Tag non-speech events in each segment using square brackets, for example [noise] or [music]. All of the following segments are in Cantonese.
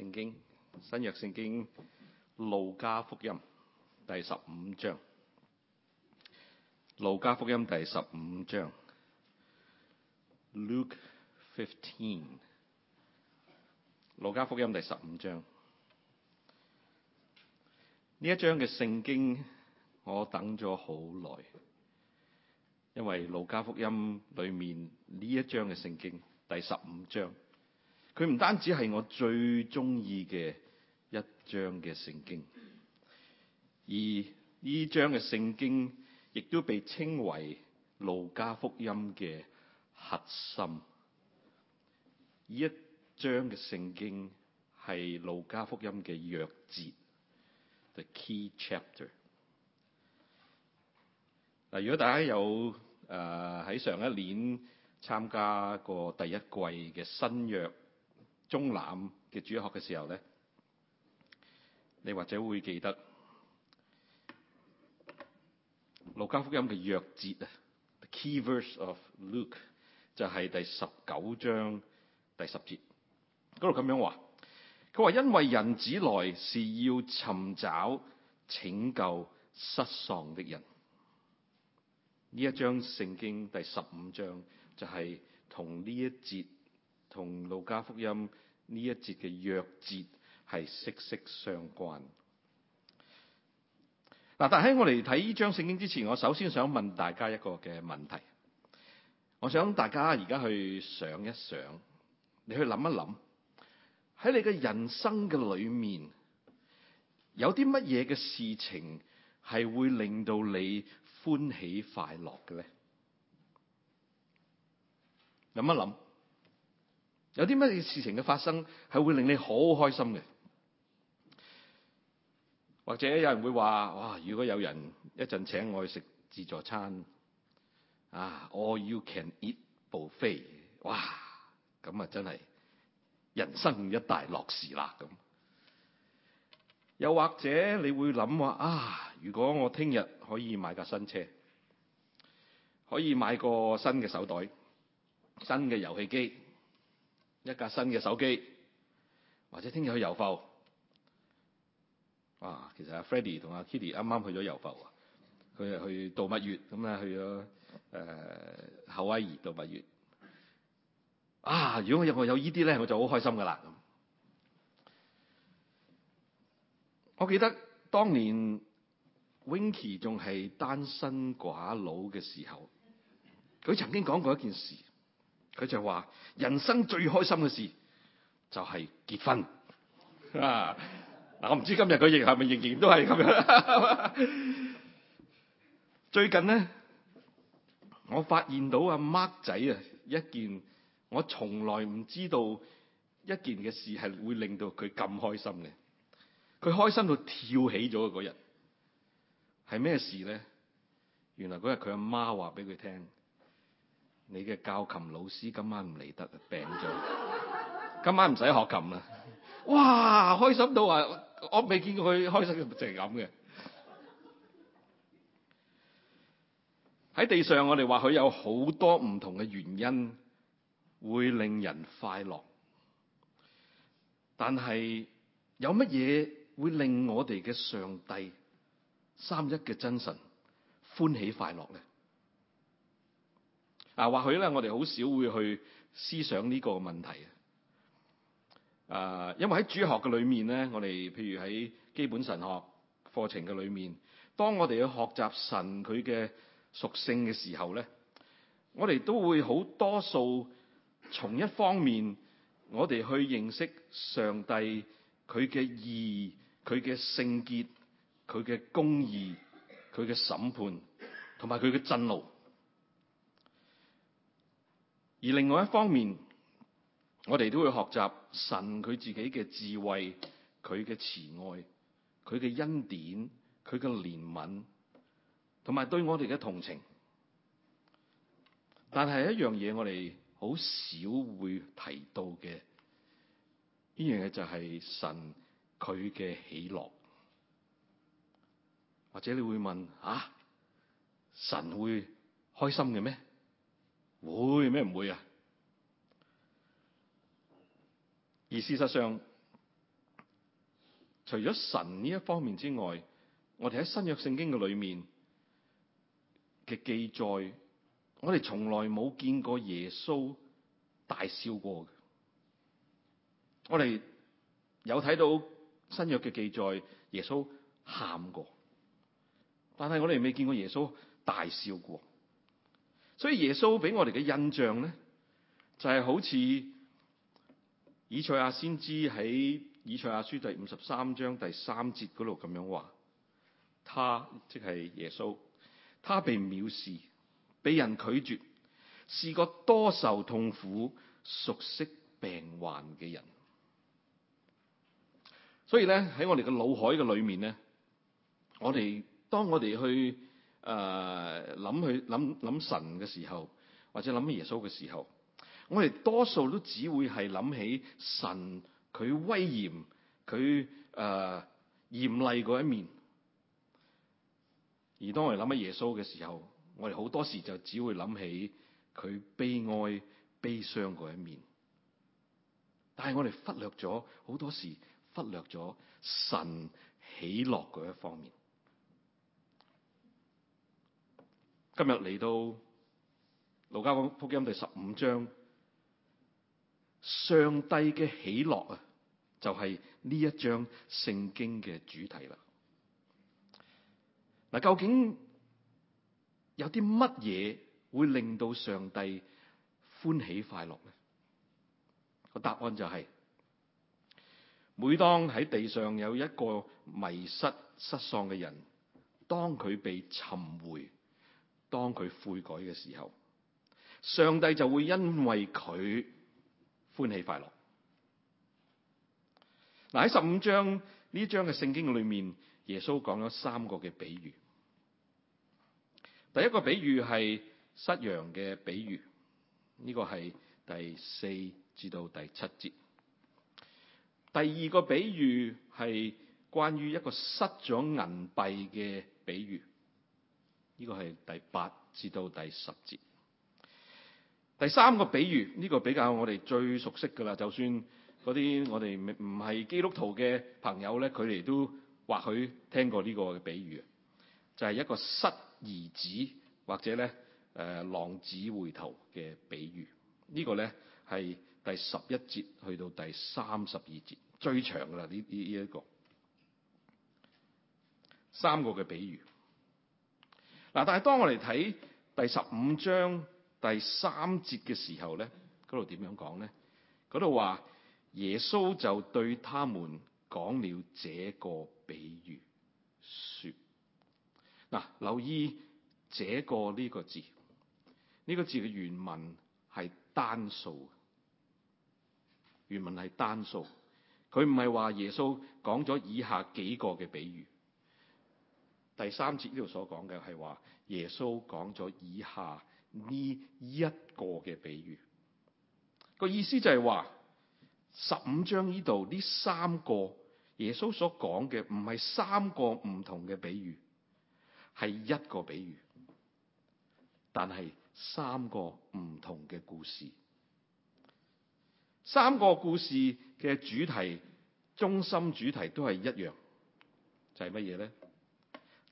聖經新約聖經路加福，福音第十五章。路加福音第十五章。Luke fifteen。路加福音第十五章。呢一章嘅聖經我等咗好耐，因為路加福音裏面呢一章嘅聖經第十五章。佢唔單止係我最中意嘅一章嘅聖經，而呢章嘅聖經亦都被稱為路加福音嘅核心。呢一章嘅聖經係路加福音嘅鑰節，the key chapter。嗱，如果大家有誒喺、呃、上一年參加過第一季嘅新約，中南嘅主學嘅時候咧，你或者會記得路加福音嘅約節啊，key verse of Luke 就係第十九章第十節度咁樣話，佢話因為人子來是要尋找拯救失喪的人。呢一章聖經第十五章就係同呢一節。同路加福音呢一節嘅約節，係息息相關。嗱，但喺我嚟睇呢章聖經之前，我首先想問大家一個嘅問題。我想大家而家去想一想，你去諗一諗，喺你嘅人生嘅裏面，有啲乜嘢嘅事情係會令到你歡喜快樂嘅咧？諗一諗。有啲乜嘢事情嘅發生係會令你好開心嘅，或者有人會話：哇！如果有人一陣請我去食自助餐，啊，all you can eat buffet，哇！咁啊，真係人生一大樂事啦！咁又或者你會諗話啊，如果我聽日可以買架新車，可以買個新嘅手袋、新嘅遊戲機。一架新嘅手機或者聽日去遊埠。啊，其實阿 Freddy 同阿 Kitty 啱啱去咗遊埠啊，佢係去度蜜月，咁啊去咗誒夏威夷度蜜月。啊，如果我有我有依啲咧，我就好開心噶啦咁。我記得當年 Winky 仲，係單身寡佬嘅時候，佢曾經講過一件事。佢就話人生最開心嘅事就係、是、結婚啊！嗱， [laughs] 我唔知今日佢仍係咪仍然都係咁樣。 [laughs] 最近咧，我發現到阿 mark 仔啊一件我從來唔知道一件嘅事係會令到佢咁開心嘅，佢開心到跳起咗。嗰日係咩事咧？原來嗰日佢阿媽話俾佢聽。你嘅教琴老師今晚唔嚟得，病咗。今晚唔使學琴啦。哇，開心到啊！我未見過佢開心，就係咁嘅。喺地上，我哋話佢有好多唔同嘅原因會令人快樂，但係有乜嘢會令我哋嘅上帝三一嘅真神歡喜快樂咧？啊，或許咧，我哋好少會去思想呢個問題啊！啊，因為喺主學嘅裏面咧，我哋譬如喺基本神學課程嘅裏面，當我哋去學習神佢嘅屬性嘅時候咧，我哋都會好多數從一方面，我哋去認識上帝佢嘅義、佢嘅聖潔、佢嘅公義，佢嘅審判同埋佢嘅震怒。而另外一方面，我哋都會學習神佢自己嘅智慧、佢嘅慈愛、佢嘅恩典、佢嘅憐憫，同埋對我哋嘅同情。但係一樣嘢，我哋好少會提到嘅。呢樣嘢就係神佢嘅喜樂。或者你會問啊，神會開心嘅咩？會咩？唔會啊？而事實上，除咗神呢一方面之外，我哋喺新約聖經嘅裏面嘅記載，我哋從來冇見過耶穌大笑過。我哋有睇到新約嘅記載，耶穌喊過，但係我哋未見過耶穌大笑過。所以耶穌俾我哋嘅印象呢，就係、是、好似以賽亞先知喺以賽亞書第五十三章第三節嗰度咁樣話，他即係、就是、耶穌，他被藐視，被人拒絕，是個多受痛苦、熟悉病患嘅人。所以呢，喺我哋嘅腦海嘅裏面呢，我哋當我哋去。誒，諗去諗諗神嘅時候，或者諗起耶穌嘅時候，我哋多數都只會係諗起神佢威嚴、佢誒、呃、嚴厲一面；而當我哋諗起耶穌嘅時候，我哋好多時就只會諗起佢悲哀、悲傷一面。但係我哋忽略咗好多時忽略咗神喜樂一方面。今日嚟到《路加福音》第十五章，上帝嘅喜樂啊，就係呢一章聖經嘅主題啦。嗱，究竟有啲乜嘢會令到上帝歡喜快樂咧？個答案就係、是，每當喺地上有一個迷失失喪嘅人，當佢被尋回。當佢悔改嘅時候，上帝就會因為佢歡喜快樂。嗱，喺十五章呢章嘅聖經裏面，耶穌講咗三個嘅比喻。第一個比喻係失羊嘅比喻，呢個係第四至到第七節。第二個比喻係關於一個失咗銀幣嘅比喻。呢個係第八至到第十節。第三個比喻，呢、這個比較我哋最熟悉㗎喇，就算嗰啲我哋唔係基督徒嘅朋友咧，佢哋都或許聽過呢個嘅比喻就係、是、一個失而子或者咧誒浪子回頭嘅比喻。這個、呢個咧係第十一節去到第三十二節，最長㗎喇，呢呢呢一個三個嘅比喻。嗱，但係當我哋睇第十五章第三節嘅時候咧，嗰度點樣講咧？嗰度話耶穌就對他們講了這個比喻，說嗱，留意這個呢個字，呢個字嘅原文係單數，原文係單數，佢唔係話耶穌講咗以下幾個嘅比喻。第三節呢度所講嘅係話，耶穌講咗以下呢一個嘅比喻。個意思就係話，十五章呢度呢三個耶穌所講嘅唔係三個唔同嘅比喻，係一個比喻，但係三個唔同嘅故事，三個故事嘅主題中心主題都係一樣，就係乜嘢咧？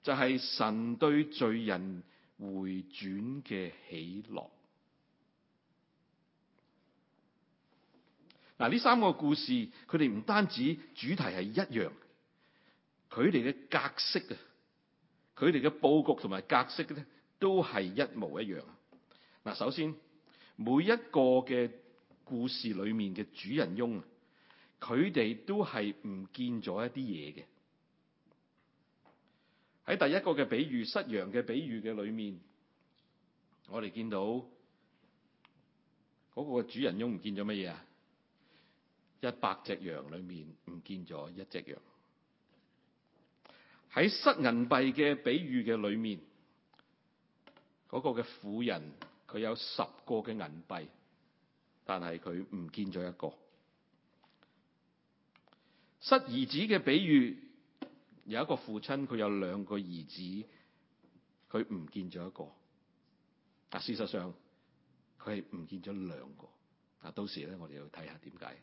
就係神對罪人回轉嘅喜樂。嗱，呢三個故事佢哋唔單止主題係一樣，佢哋嘅格式啊，佢哋嘅佈局同埋格式咧都係一模一樣。嗱，首先每一個嘅故事裏面嘅主人翁，佢哋都係唔見咗一啲嘢嘅。喺第一個嘅比喻失羊嘅比喻嘅裏面，我哋見到嗰個主人翁唔見咗乜嘢？一百隻羊裏面唔見咗一隻羊。喺失銀幣嘅比喻嘅裏面，嗰個嘅婦人佢有十個嘅銀幣，但係佢唔見咗一個。失兒子嘅比喻。有一個父親，佢有兩個兒子，佢唔見咗一個，但事實上佢係唔見咗兩個。嗱，到時咧，我哋要睇下點解。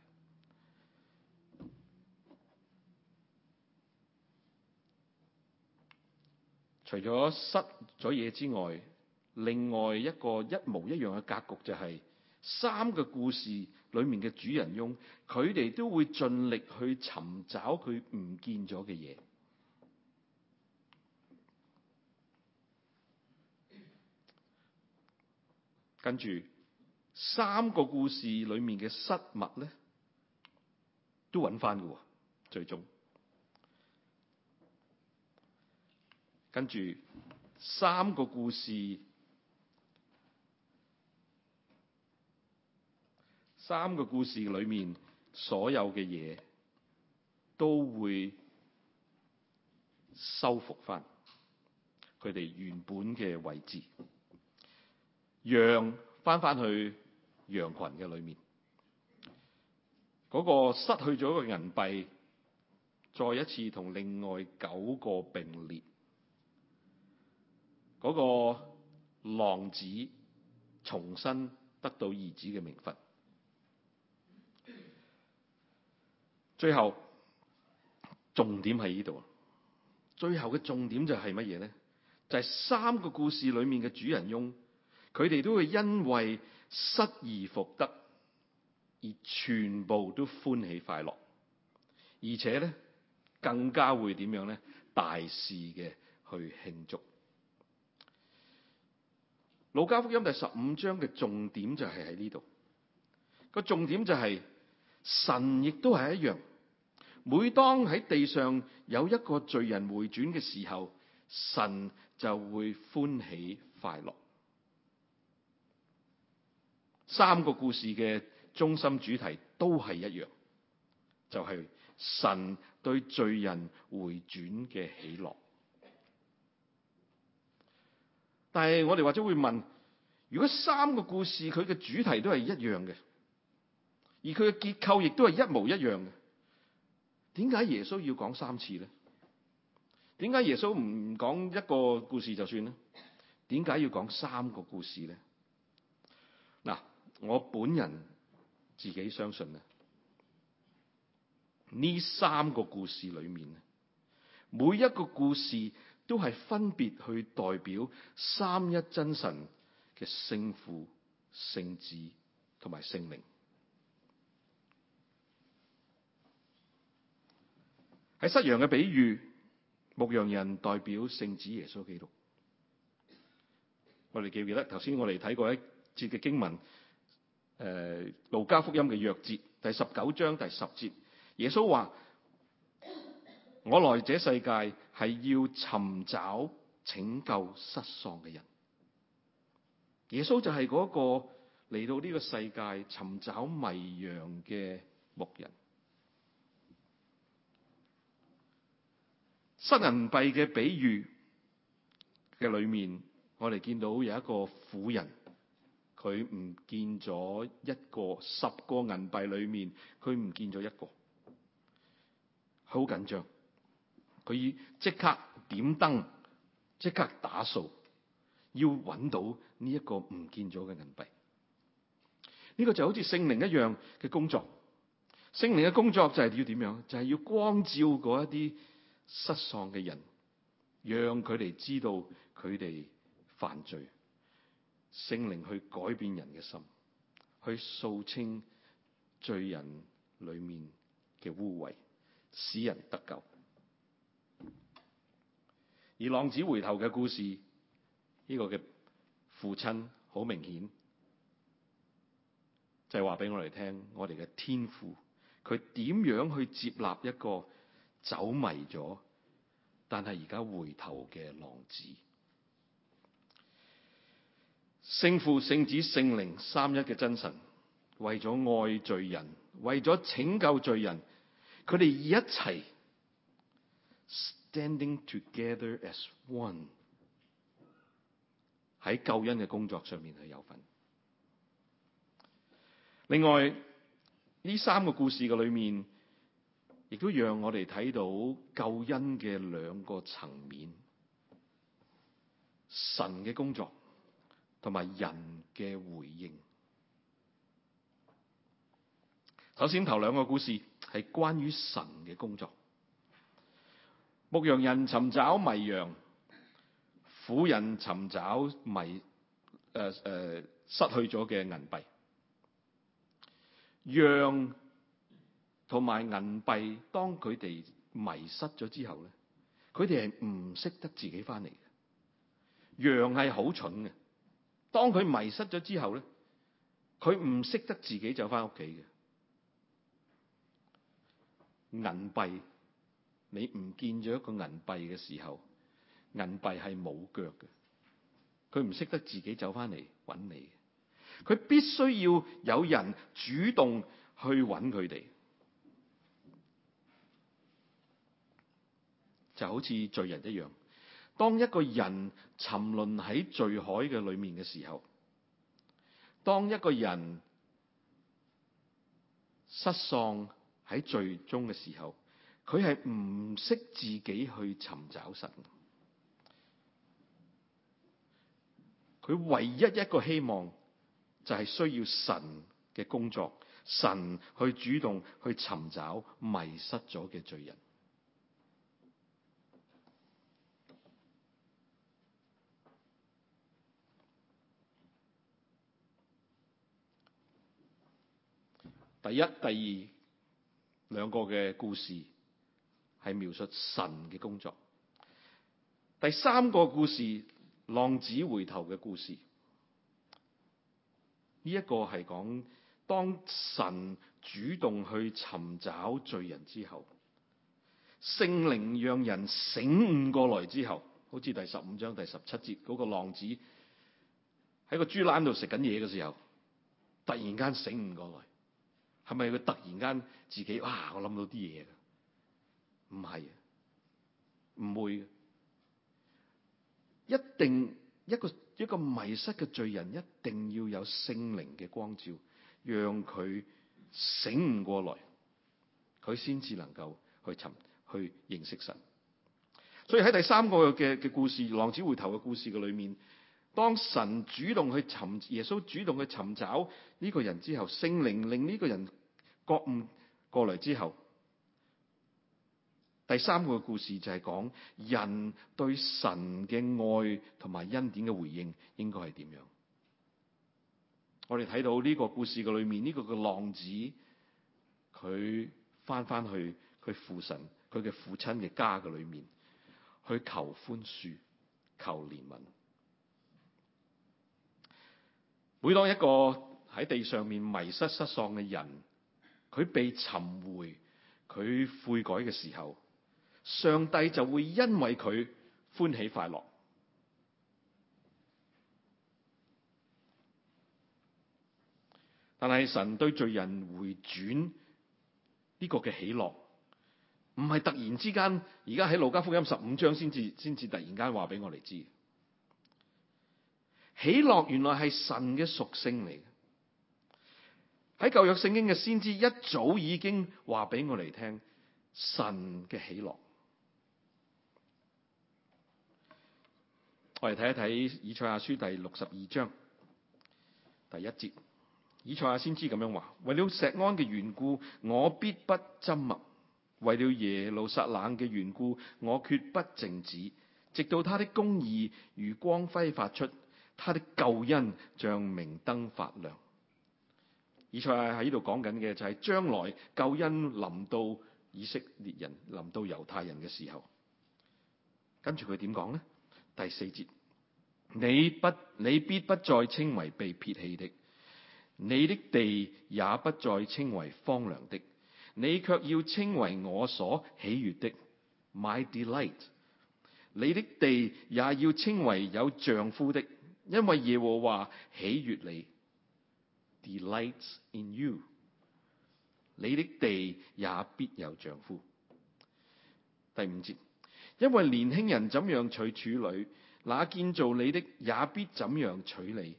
除咗失咗嘢之外，另外一個一模一樣嘅格局就係三個故事裏面嘅主人翁，佢哋都會盡力去尋找佢唔見咗嘅嘢。跟住三個故事裏面嘅失物咧，都揾翻嘅最終。跟住三個故事，三個故事裏面所有嘅嘢，都會修復翻佢哋原本嘅位置。羊翻翻去羊群嘅裏面，嗰、那個失去咗個銀幣，再一次同另外九個並列，嗰、那個浪子重新得到兒子嘅名分。最後重點喺呢度。最後嘅重點就係乜嘢咧？就係、是、三個故事裏面嘅主人翁。佢哋都會因為失而復得而全部都歡喜快樂，而且咧更加會點樣咧？大肆嘅去慶祝。《路加福音》第十五章嘅重點就係喺呢度，個重點就係、是、神亦都係一樣，每當喺地上有一個罪人回轉嘅時候，神就會歡喜快樂。三個故事嘅中心主題都係一樣，就係、是、神對罪人回轉嘅喜樂。但係我哋或者會問：如果三個故事佢嘅主題都係一樣嘅，而佢嘅結構亦都係一模一樣嘅，點解耶穌要講三次咧？點解耶穌唔講一個故事就算咧？點解要講三個故事咧？我本人自己相信咧，呢三個故事裏面，每一個故事都係分別去代表三一真神嘅聖父、聖子同埋聖靈。喺失羊嘅比喻，牧羊人代表聖子耶穌基督。我哋記唔記得頭先我哋睇過一節嘅經文？誒、路加、嗯、福音嘅約節第十九章第十節，耶穌話，我來這世界係要尋找拯救失喪嘅人。耶穌就係嗰個嚟到呢個世界尋找迷羊嘅牧人。失銀幣嘅比喻嘅裏面，我哋見到有一個婦人。佢唔見咗一個，十個銀幣裏面佢唔見咗一個，好緊張。佢要即刻點燈，即刻打掃，要揾到呢一個唔見咗嘅銀幣。呢個就好似聖靈一樣嘅工作。聖靈嘅工作就係要點樣？就係要光照過一啲失喪嘅人，讓佢哋知道佢哋犯罪。聖靈去改變人嘅心，去掃清罪人裏面嘅污穢，使人得救。而浪子回頭嘅故事，呢、這個嘅父親好明顯就係話俾我哋聽，我哋嘅天父佢點樣去接納一個走迷咗，但係而家回頭嘅浪子。聖父、聖子、聖靈三一嘅真神，為咗愛罪人，為咗拯救罪人，佢哋一齊 standing together as one 喺救恩嘅工作上面係有份。另外呢三個故事嘅裏面，亦都讓我哋睇到救恩嘅兩個層面，神嘅工作。同埋人嘅回應。首先頭兩個故事係關於神嘅工作。牧羊人尋找迷羊，婦人尋找迷誒誒、呃呃、失去咗嘅銀幣。羊同埋銀幣，當佢哋迷失咗之後咧，佢哋係唔識得自己翻嚟嘅。羊係好蠢嘅。當佢迷失咗之後咧，佢唔識得自己走翻屋企嘅。銀幣，你唔見咗一個銀幣嘅時候，銀幣係冇腳嘅，佢唔識得自己走翻嚟揾你嘅，佢必須要有人主動去揾佢哋，就好似罪人一樣。當一個人沉淪喺罪海嘅裏面嘅時候，當一個人失喪喺罪中嘅時候，佢係唔識自己去尋找神。佢唯一一個希望就係需要神嘅工作，神去主動去尋找迷失咗嘅罪人。第一、第二兩個嘅故事係描述神嘅工作。第三個故事，浪子回頭嘅故事，呢一個係講，當神主動去尋找罪人之後，聖靈讓人醒悟過來之後，好似第十五章第十七節，嗰個浪子喺個豬欄度食緊嘢嘅時候，突然間醒悟過來。係咪佢突然間自己啊？我諗到啲嘢？唔係，唔會，一定一個一個迷失嘅罪人，一定要有聖靈嘅光照，讓佢醒唔過來，佢先至能夠去尋去認識神。所以喺第三個嘅嘅故事，浪子回頭嘅故事嘅裏面。當神主動去尋耶穌主動去尋找呢個人之後，聖靈令呢個人覺悟過來之後，第三個故事就係講人對神嘅愛同埋恩典嘅回應應該係點樣？我哋睇到呢個故事嘅裏面，呢個嘅浪子佢翻翻去佢父神佢嘅父親嘅家嘅裏面去求寬恕、求憐憫。每當一個喺地上面迷失失喪嘅人，佢被尋回，佢悔改嘅時候，上帝就會因為佢歡喜快樂。但係神對罪人回轉呢個嘅喜樂，唔係突然之間，而家喺路加福音十五章先至先至突然間話俾我哋知。喜樂原來係神嘅屬性嚟嘅。喺舊約聖經嘅先知一早已經話俾我哋嚟聽神嘅喜樂。我嚟睇一睇以賽亞書第六十二章第一節，以賽亞先知咁樣話：為了錫安嘅緣故，我必不緘默；為了耶路撒冷嘅緣故，我決不靜止，直到他的公義如光輝發出。他的救恩像明燈發亮。以賽亞喺呢度講緊嘅就係將來救恩臨到以色列人，臨到猶太人嘅時候，跟住佢點講咧？第四節，你不你必不再稱為被撇棄的，你的地也不再稱為荒涼的，你卻要稱為我所喜悅的，my delight。你的地也要稱為有丈夫的。因為耶和華喜悦你，delights in you，你的地也必有丈夫。第五節，因為年輕人怎樣娶處女，那建造你的也必怎樣娶你；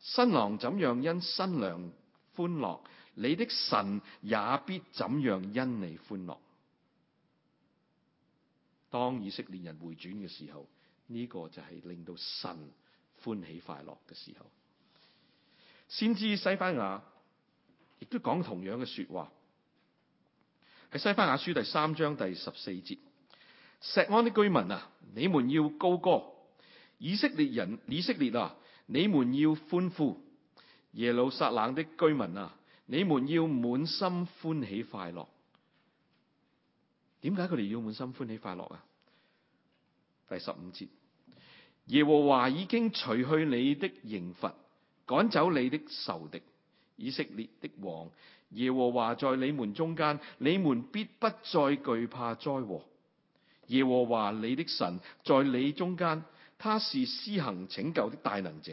新郎怎樣因新娘歡樂，你的神也必怎樣因你歡樂。當以色列人回轉嘅時候，呢、這個就係令到神。歡喜快樂嘅時候，先知西番雅亦都講同樣嘅說話。喺西番雅書第三章第十四節，錫安的居民啊，你們要高歌；以色列人、以色列啊，你們要歡呼；耶路撒冷的居民啊，你們要滿心歡喜快樂。點解佢哋要滿心歡喜快樂啊？第十五節。耶和華已經除去你的刑罰，趕走你的仇敵。以色列的王，耶和華在你們中間，你們必不再懼怕災禍。耶和華你的神在你中間，他是施行拯救的大能者，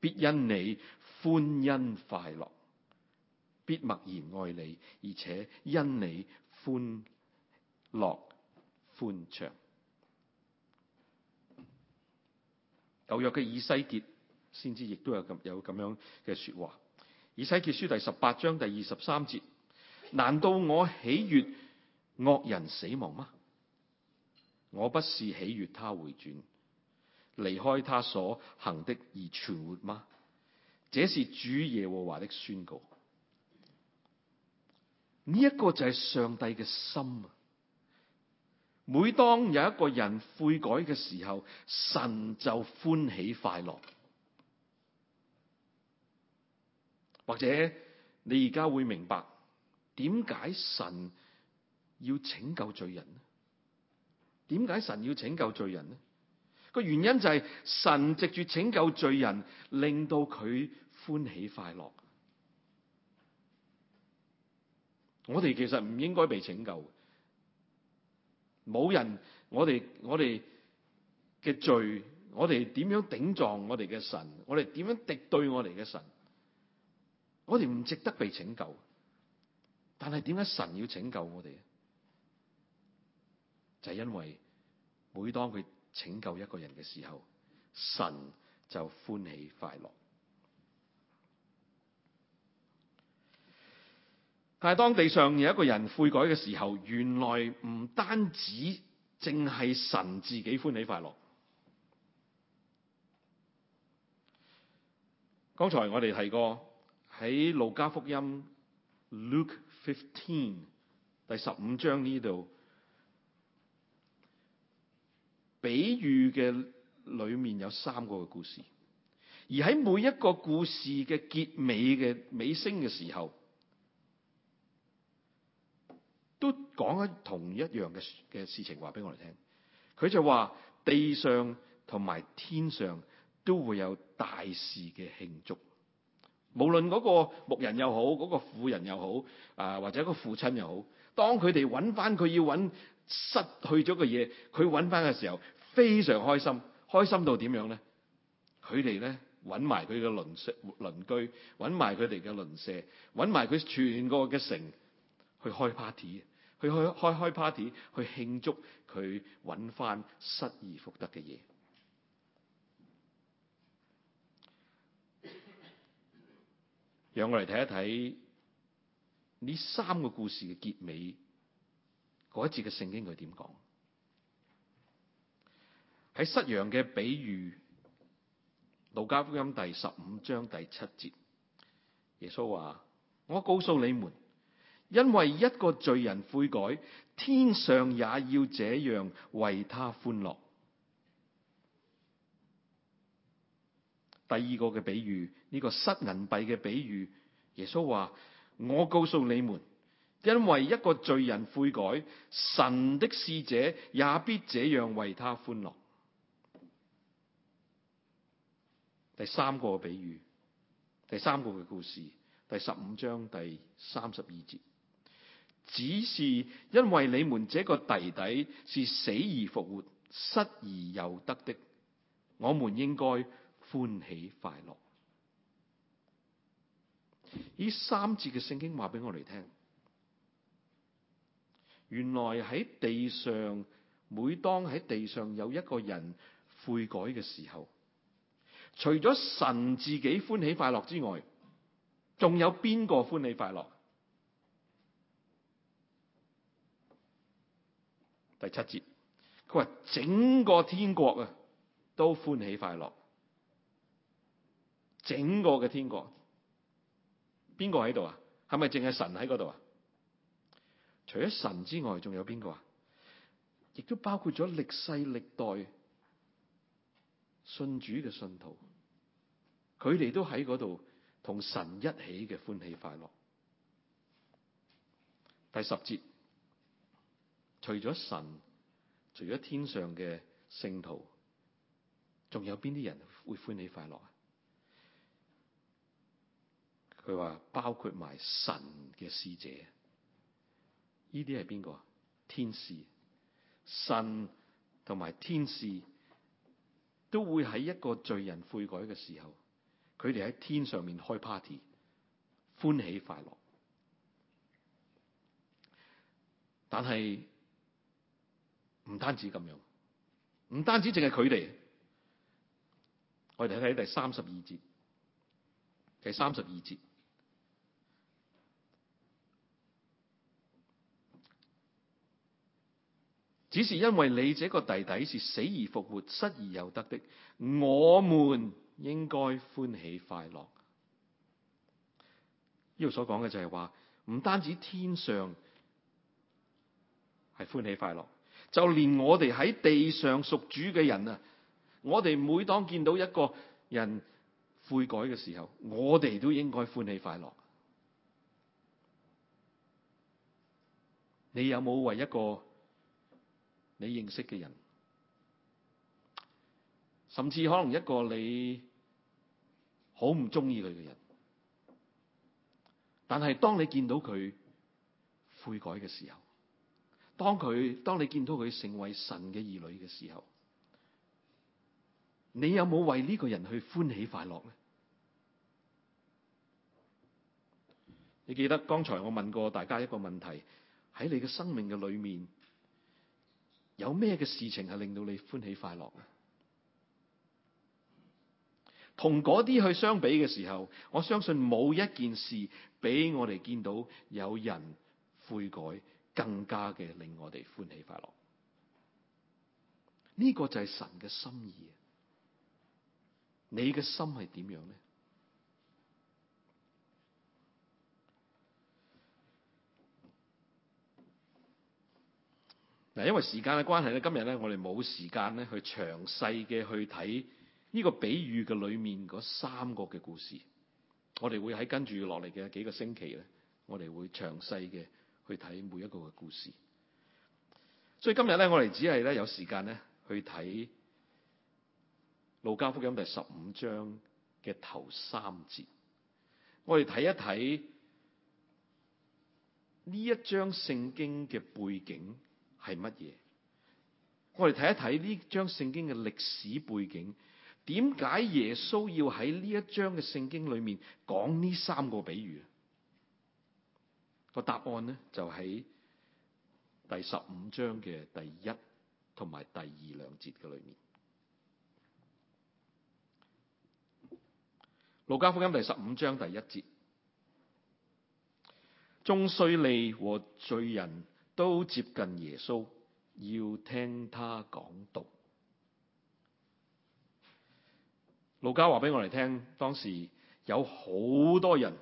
必因你歡欣快樂，必默然愛你，而且因你歡樂歡暢。舊約嘅以西結，先知亦都有咁有咁樣嘅說話。以西結書第十八章第二十三節：難道我喜悅惡人死亡嗎？我不是喜悅他回轉，離開他所行的而存活嗎？這是主耶和華的宣告。呢、這、一個就係上帝嘅心。每當有一個人悔改嘅時候，神就歡喜快樂。或者你而家會明白點解神要拯救罪人呢？點解神要拯救罪人呢？個原因就係、是、神藉住拯救罪人，令到佢歡喜快樂。我哋其實唔應該被拯救。冇人，我哋我哋嘅罪，我哋點樣頂撞我哋嘅神？我哋點樣敵對我哋嘅神？我哋唔值得被拯救。但係點解神要拯救我哋咧？就係因為每當佢拯救一個人嘅時候，神就歡喜快樂。但係當地上有一個人悔改嘅時候，原來唔單止淨係神自己歡喜快樂。剛才我哋提過喺路加福音 Luke 15第十五章呢度，比喻嘅裏面有三個嘅故事，而喺每一個故事嘅結尾嘅尾聲嘅時候，都講一同一樣嘅嘅事情話俾我哋聽，佢就話地上同埋天上都會有大事嘅慶祝，無論嗰個牧人又好，嗰、那個婦人又好，啊或者個父親又好，當佢哋揾翻佢要揾失去咗嘅嘢，佢揾翻嘅時候非常開心，開心到點樣咧？佢哋咧揾埋佢嘅鄰舍、鄰居，揾埋佢哋嘅鄰舍，揾埋佢全個嘅城去開 party。去開開開 party，去慶祝佢揾翻失而復得嘅嘢。讓我嚟睇一睇呢三個故事嘅結尾嗰一節嘅聖經佢點講？喺失羊嘅比喻，路加福音第十五章第七節，耶穌話：我告訴你們。因為一個罪人悔改，天上也要這樣為他歡樂。第二個嘅比喻，呢、這個失銀幣嘅比喻，耶穌話，我告訴你們，因為一個罪人悔改，神的使者也必這樣為他歡樂。第三個比喻，第三個嘅故事，第十五章第三十二節。只是因為你們這個弟弟是死而復活，失而又得的，我們應該歡喜快樂。呢三節嘅聖經話俾我哋聽，原來喺地上，每當喺地上有一個人悔改嘅時候，除咗神自己歡喜快樂之外，仲有邊個歡喜快樂？第七節，佢話整個天國啊都歡喜快樂，整個嘅天國，邊個喺度啊？係咪淨係神喺嗰度啊？除咗神之外，仲有邊個啊？亦都包括咗歷世歷代信主嘅信徒，佢哋都喺嗰度同神一起嘅歡喜快樂。第十節。除咗神，除咗天上嘅聖徒，仲有邊啲人會歡喜快樂啊？佢話包括埋神嘅使者。呢啲係邊個？天使，神同埋天使都會喺一個罪人悔改嘅時候，佢哋喺天上面開 party，歡喜快樂。但係。唔單止咁樣，唔單止淨係佢哋，我哋睇睇第三十二節，第三十二節，只是因為你這個弟弟是死而復活、失而又得的，我們應該歡喜快樂。呢度所講嘅就係話，唔單止天上係歡喜快樂。就連我哋喺地上屬主嘅人啊，我哋每當見到一個人悔改嘅時候，我哋都應該歡喜快樂。你有冇為一個你認識嘅人，甚至可能一個你好唔中意佢嘅人，但係當你見到佢悔改嘅時候，當佢，當你見到佢成為神嘅兒女嘅時候，你有冇為呢個人去歡喜快樂呢？你記得剛才我問過大家一個問題，喺你嘅生命嘅裏面，有咩嘅事情係令到你歡喜快樂呢？同嗰啲去相比嘅時候，我相信冇一件事俾我哋見到有人悔改。更加嘅令我哋歡喜快樂，呢個就係神嘅心意。你嘅心係點樣咧？嗱，因為時間嘅關係咧，今日咧我哋冇時間咧去詳細嘅去睇呢個比喻嘅裏面嗰三個嘅故事。我哋會喺跟住落嚟嘅幾個星期咧，我哋會詳細嘅。去睇每一個嘅故事，所以今日咧，我哋只係咧有時間咧去睇路加福音第十五章嘅頭三節，我哋睇一睇呢一章聖經嘅背景係乜嘢？我哋睇一睇呢一章聖經嘅歷史背景，點解耶穌要喺呢一章嘅聖經裏面講呢三個比喻？個答案咧就喺第十五章嘅第一同埋第二兩節嘅裏面。路加福音第十五章第一節，眾稅吏和罪人都接近耶穌，要聽他講道。路加話俾我哋聽，當時有好多人。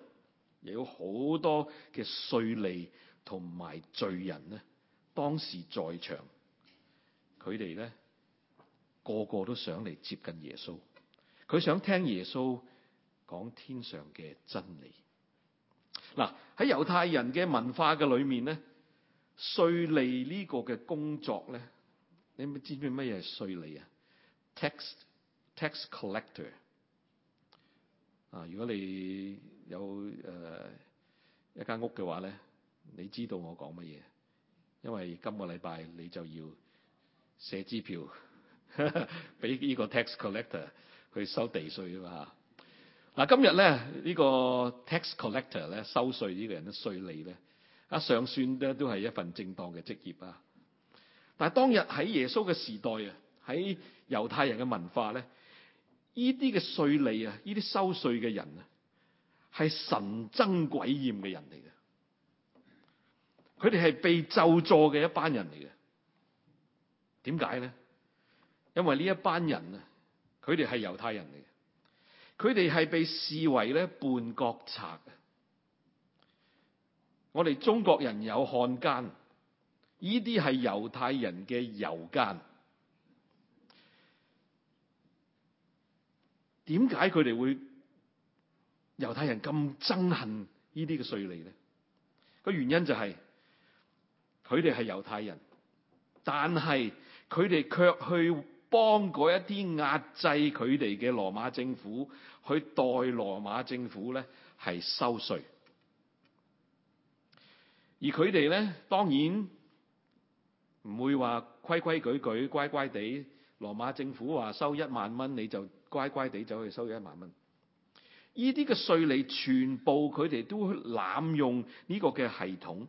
有好多嘅稅吏同埋罪人咧，當時在場，佢哋咧個個都想嚟接近耶穌，佢想聽耶穌講天上嘅真理。嗱，喺猶太人嘅文化嘅裏面咧，稅吏呢個嘅工作咧，你知唔知乜嘢係稅吏啊？Tax, tax collector。啊！如果你有誒、呃、一間屋嘅話咧，你知道我講乜嘢？因為今個禮拜你就要寫支票俾呢 [laughs] 個 tax collector 去收地稅啊嘛。嗱、啊，今日咧呢、呢個 tax collector 咧收稅呢個人嘅稅利咧，一上算咧都係一份正當嘅職業啊。但係當日喺耶穌嘅時代啊，喺猶太人嘅文化咧。呢啲嘅稅吏啊，呢啲收稅嘅人啊，係神憎鬼厭嘅人嚟嘅。佢哋係被咒詛嘅一班人嚟嘅。點解咧？因為呢一班人啊，佢哋係猶太人嚟嘅。佢哋係被視為咧叛國賊啊！我哋中國人有漢奸，呢啲係猶太人嘅猶奸。點解佢哋會猶太人咁憎恨呢啲嘅稅吏咧？個原因就係佢哋係猶太人，但係佢哋卻去幫嗰一啲壓制佢哋嘅羅馬政府去代羅馬政府咧係收稅，而佢哋咧當然唔會話規規矩矩乖乖地，羅馬政府話收一萬蚊你就。乖乖哋走去收一萬蚊，呢啲嘅稅吏全部佢哋都濫用呢個嘅系統，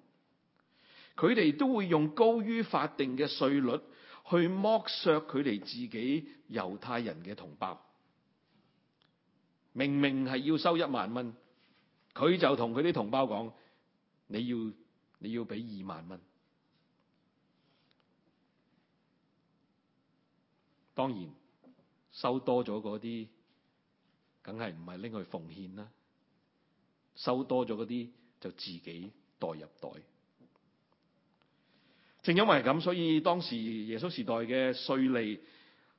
佢哋都會用高於法定嘅稅率去剝削佢哋自己猶太人嘅同胞。明明係要收一萬蚊，佢就同佢啲同胞講：你要你要俾二萬蚊。當然。收多咗嗰啲，梗係唔係拎去奉獻啦。收多咗嗰啲就自己代入袋。正因為係咁，所以當時耶穌時代嘅稅吏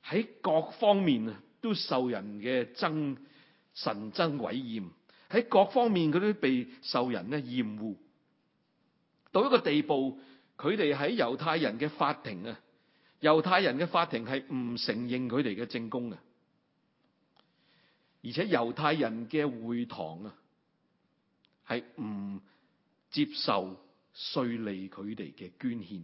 喺各方面啊，都受人嘅憎、神憎鬼厭，喺各方面佢都被受人咧厭惡。到一個地步，佢哋喺猶太人嘅法庭啊。猶太人嘅法庭係唔承認佢哋嘅證供嘅，而且猶太人嘅會堂啊，係唔接受稅吏佢哋嘅捐獻，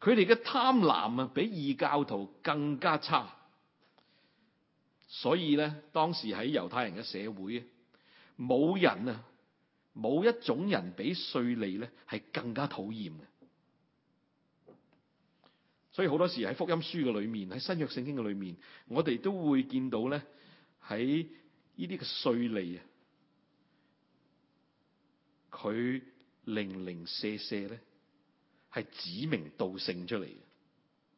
佢哋嘅貪婪啊，比異教徒更加差，所以咧，當時喺猶太人嘅社會啊，冇人啊，冇一種人比稅吏咧係更加討厭嘅。所以好多時喺福音書嘅裏面，喺新約聖經嘅裏面，我哋都會見到咧喺呢啲嘅稅吏，啊，佢零零舍舍咧，係指名道姓出嚟嘅。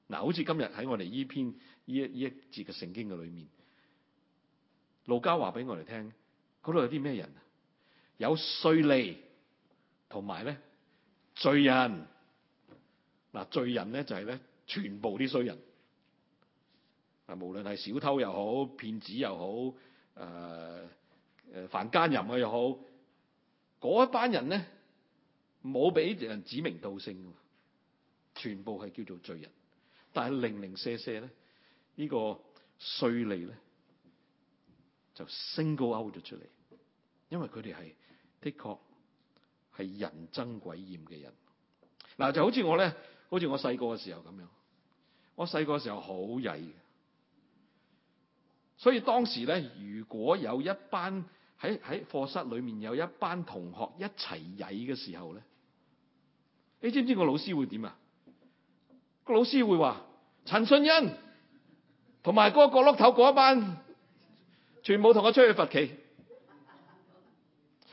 嗱，好似今日喺我哋呢篇呢一呢一節嘅聖經嘅裏面，路加話俾我哋聽，嗰度有啲咩人啊？有稅吏，同埋咧罪人。嗱，罪人咧就係、是、咧。全部啲衰人啊！無論係小偷又好，騙子又好，誒、呃、誒、呃、犯奸淫嘅又好，嗰一班人咧冇俾人指名道姓，全部係叫做罪人。但係零零舍舍咧，這個、呢個稅吏咧就 single out 咗出嚟，因為佢哋係的確係人憎鬼厭嘅人。嗱，就好似我咧，好似我細個嘅時候咁樣。我細個時候好曳，所以當時咧，如果有一班喺喺課室裏面有一班同學一齊曳嘅時候咧，你知唔知個老師會點啊？個老師會話陳信恩同埋嗰個角落頭嗰一班，全部同我出去罰企。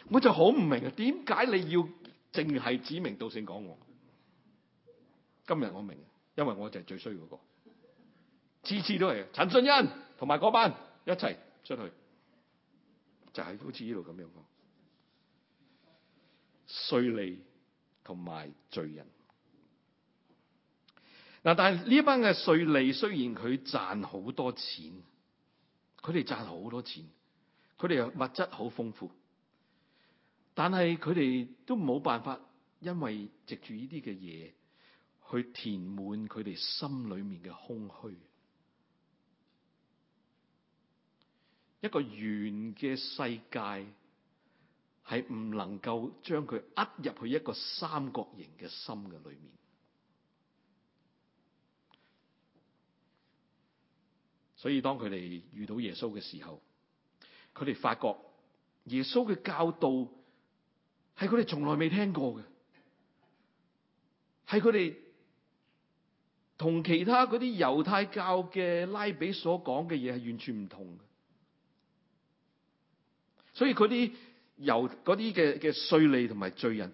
我就好唔明啊，點解你要淨係指名道姓講我？今日我明。因為我就係最衰嗰，那個，次次都係陳信恩同埋嗰班一齊出去，就係，是，好似呢度咁樣講，稅吏同埋罪人。嗱，但係呢班嘅稅吏雖然佢賺好多錢，佢哋賺好多錢，佢哋又物質好豐富，但係佢哋都冇辦法，因為藉住呢啲嘅嘢。去填滿佢哋心裏面嘅空虛，一個圓嘅世界係唔能夠將佢呃入去一個三角形嘅心嘅裏面。所以當佢哋遇到耶穌嘅時候，佢哋發覺耶穌嘅教導係佢哋從來未聽過嘅，係佢哋。同其他嗰啲猶太教嘅拉比所講嘅嘢係完全唔同嘅，所以佢啲猶嗰啲嘅嘅稅吏同埋罪人，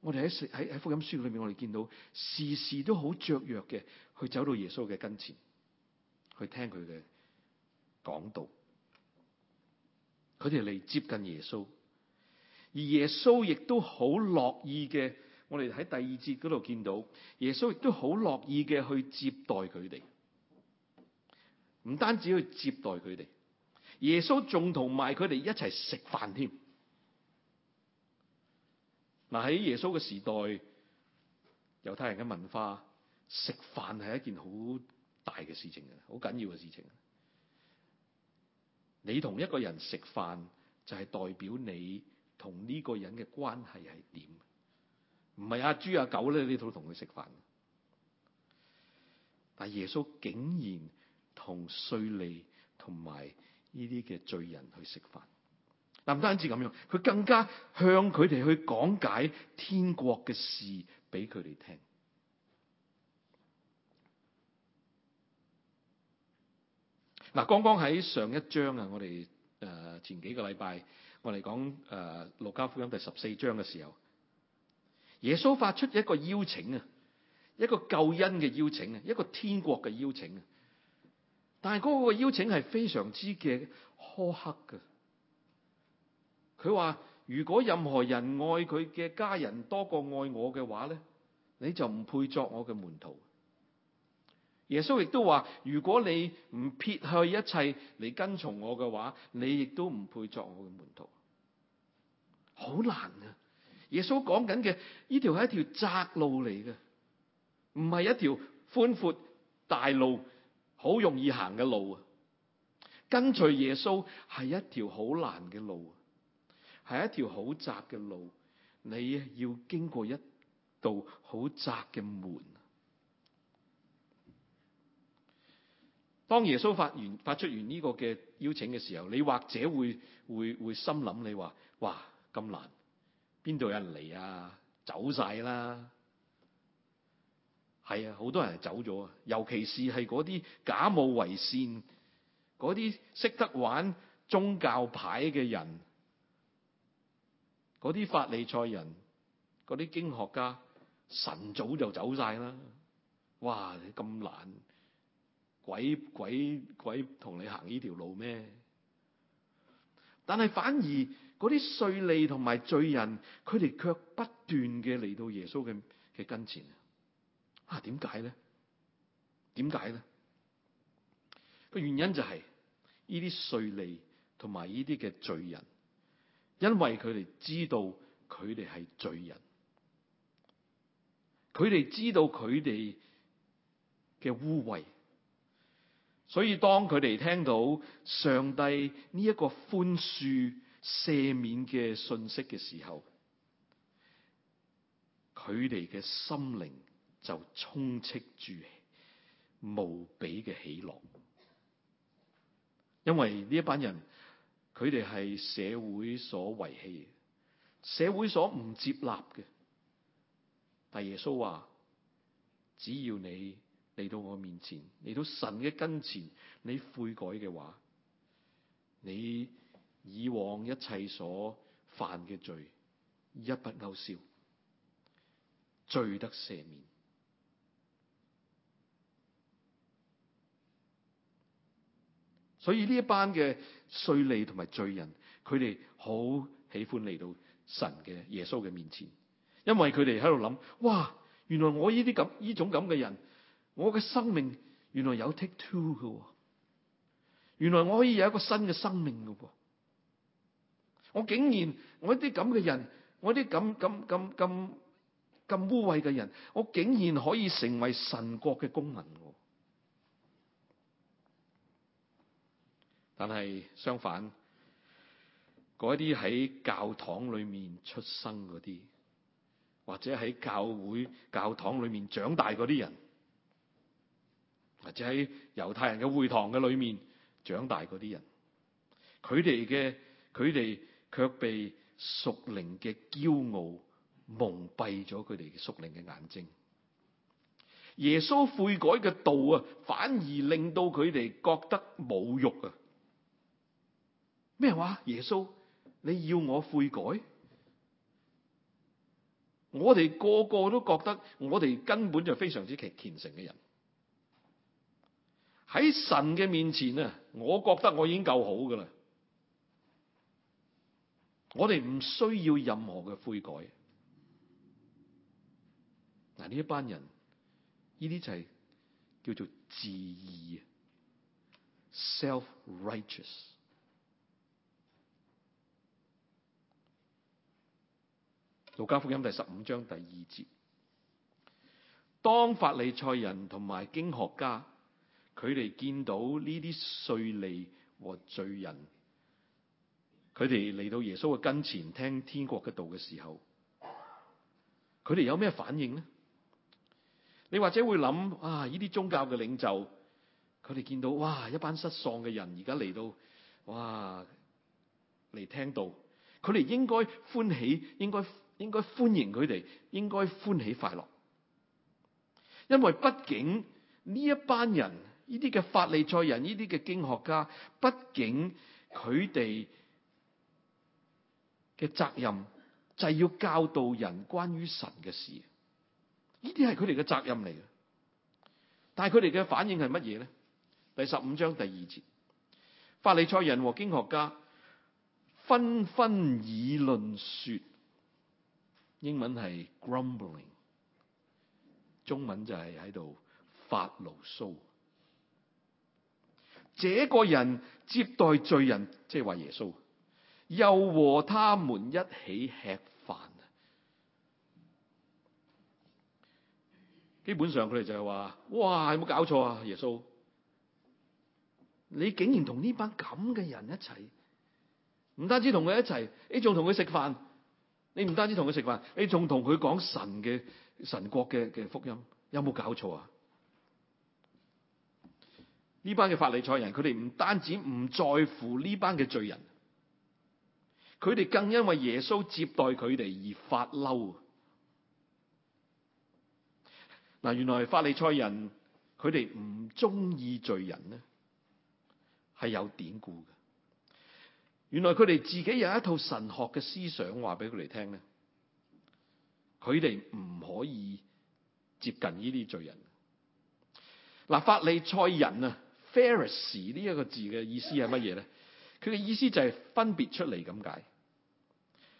我哋喺喺喺福音書裏面，我哋見到時時都好雀躍嘅，去走到耶穌嘅跟前，去聽佢嘅講道，佢哋嚟接近耶穌，而耶穌亦都好樂意嘅。我哋喺第二節嗰度見到耶穌亦都好樂意嘅去接待佢哋，唔單止去接待佢哋，耶穌仲同埋佢哋一齊食飯添。嗱，喺耶穌嘅時代，猶太人嘅文化食飯係一件好大嘅事情啊，好緊要嘅事情。你同一個人食飯就係代表你同呢個人嘅關係係點？唔係阿豬阿狗咧，你都同佢食飯。但耶穌竟然同稅吏同埋呢啲嘅罪人去食飯，嗱唔單止咁樣，佢更加向佢哋去講解天國嘅事俾佢哋聽。嗱，剛剛喺上一章啊，我哋誒前幾個禮拜我哋講誒《路加福音》第十四章嘅時候。耶穌發出一個邀請啊，一個救恩嘅邀請啊，一個天國嘅邀請啊。但係嗰個邀請係非常之嘅苛刻㗎。佢話，如果任何人愛佢嘅家人多過愛我嘅話咧，你就唔配作我嘅門徒。耶穌亦都話：如果你唔撇去一切嚟跟從我嘅話，你亦都唔配作我嘅門徒。好難啊！耶穌講緊嘅呢條係一條窄路嚟嘅，唔係一條寬闊大路，好容易行嘅路啊！跟隨耶穌係一條好難嘅路，啊，係一條好窄嘅路，你要經過一道好窄嘅門。當耶穌發完發出完呢個嘅邀請嘅時候，你或者會會會心諗你話：哇，咁難！邊度有人嚟啊？走晒啦，係啊，好多人走咗啊，尤其是係嗰啲假冒為善、嗰啲識得玩宗教牌嘅人，嗰啲法利賽人、嗰啲經學家，晨早就走晒啦。哇，咁難，鬼鬼鬼同你行呢條路咩？但係反而嗰啲稅吏同埋罪人，佢哋卻不斷嘅嚟到耶穌嘅嘅跟前啊！啊，點解咧？點解咧？個原因就係呢啲稅吏同埋呢啲嘅罪人，因為佢哋知道佢哋係罪人，佢哋知道佢哋嘅污穢。所以當佢哋聽到上帝呢一個寬恕、赦免嘅信息嘅時候，佢哋嘅心靈就充斥住無比嘅喜樂，因為呢一班人佢哋係社會所遺棄嘅、社會所唔接納嘅，但耶穌話：只要你。嚟到我面前，嚟到神嘅跟前，你悔改嘅話，你以往一切所犯嘅罪一筆勾銷，罪得赦免。所以呢一班嘅稅吏同埋罪人，佢哋好喜歡嚟到神嘅耶穌嘅面前，因為佢哋喺度諗，哇，原來我呢啲咁呢種咁嘅人。我嘅生命原來有 take two 嘅，原來我可以有一個新嘅生命噃。我竟然我一啲咁嘅人，我一啲咁咁咁咁咁污穢嘅人，我竟然可以成為神國嘅公民。但係相反，嗰一啲喺教堂裏面出生嗰啲，或者喺教會教堂裏面長大嗰啲人。或者喺猶太人嘅會堂嘅裏面長大啲人，佢哋嘅佢哋卻被屬靈嘅驕傲蒙蔽咗佢哋嘅屬靈嘅眼睛。耶穌悔改嘅道啊，反而令到佢哋覺得侮辱啊！咩話啊？耶穌，你要我悔改？我哋個個都覺得我哋根本就非常之虔虔誠嘅人。喺神嘅面前啊，我覺得我已經夠好噶啦。我哋唔需要任何嘅悔改。嗱，呢一班人，呢啲就係叫做自義啊，self-righteous。路加福音第十五章第二節，當法利賽人同埋經學家。佢哋見到呢啲稅吏和罪人，佢哋嚟到耶穌嘅跟前聽天國嘅道嘅時候，佢哋有咩反應咧？你或者會諗啊？呢啲宗教嘅領袖，佢哋見到哇一班失喪嘅人而家嚟到哇嚟聽道，佢哋應該歡喜，應該應該歡迎佢哋，應該歡喜快樂，因為畢竟呢一班人。呢啲嘅法利賽人，呢啲嘅經學家，畢竟佢哋嘅責任就係要教導人關於神嘅事，呢啲係佢哋嘅責任嚟嘅。但係佢哋嘅反應係乜嘢咧？第十五章第二節，法利賽人和經學家紛紛議論說，英文係 grumbling，中文就係喺度發牢騷。這個人接待罪人，即係話耶穌，又和他們一起吃飯。基本上佢哋就係話：哇，有冇搞錯啊？耶穌，你竟然同呢班咁嘅人一齊，唔單止同佢一齊，你仲同佢食飯。你唔單止同佢食飯，你仲同佢講神嘅神國嘅嘅福音，有冇搞錯啊？呢班嘅法利賽人，佢哋唔單止唔在乎呢班嘅罪人，佢哋更因為耶穌接待佢哋而發嬲。嗱，原來法利賽人佢哋唔中意罪人咧，係有典故嘅。原來佢哋自己有一套神學嘅思想，話俾佢哋聽咧，佢哋唔可以接近呢啲罪人。嗱，法利賽人啊！Pharisees 呢一個字嘅意思係乜嘢咧？佢嘅意思就係分別出嚟咁解。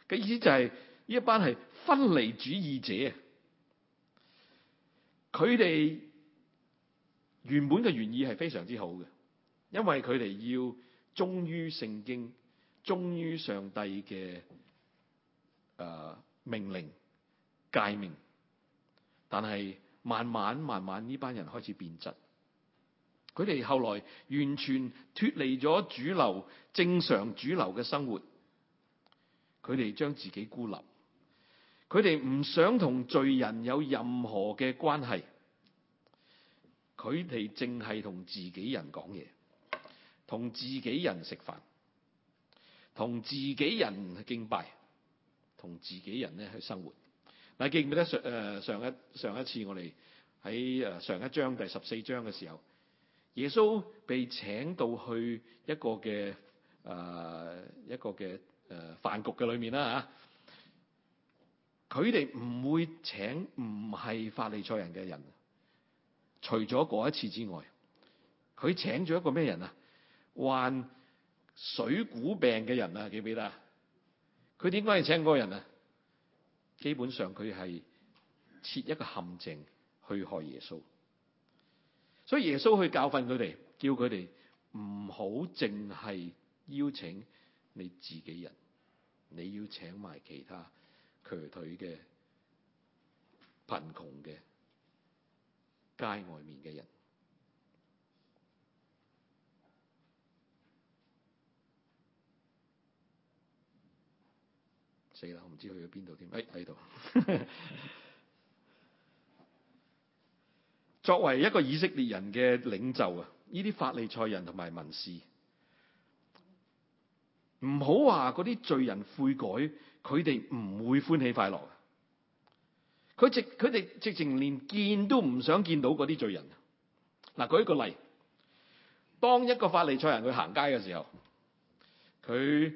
嘅意思就係呢一班係分離主義者，佢哋原本嘅原意係非常之好嘅，因為佢哋要忠於聖經、忠於上帝嘅誒、呃、命令、誡命。但係慢慢、慢慢呢班人開始變質。佢哋後來完全脫離咗主流，正常主流嘅生活，佢哋將自己孤立，佢哋唔想同罪人有任何嘅關係，佢哋淨係同自己人講嘢，同自己人食飯，同自己人敬拜，同自己人咧去生活。嗱，記唔記得上誒上一上一次我哋喺誒上一章第十四章嘅時候？耶穌被請到去一個嘅誒、呃、一個嘅誒飯局嘅裏面啦吓，佢哋唔會請唔係法利賽人嘅人，除咗嗰一次之外，佢請咗一個咩人啊？患水臌病嘅人啊，記唔記得？佢點解要請嗰個人啊？基本上佢係設一個陷阱去害耶穌。所以耶穌去教訓佢哋，叫佢哋唔好淨係邀請你自己人，你要請埋其他瘸腿嘅、貧窮嘅街外面嘅人。死啦！我唔知去咗邊度添。哎喺度。作為一個以色列人嘅領袖啊，呢啲法利賽人同埋文士，唔好話嗰啲罪人悔改，佢哋唔會歡喜快樂。佢直佢哋直情連見都唔想見到嗰啲罪人。嗱，舉一個例，當一個法利賽人去行街嘅時候，佢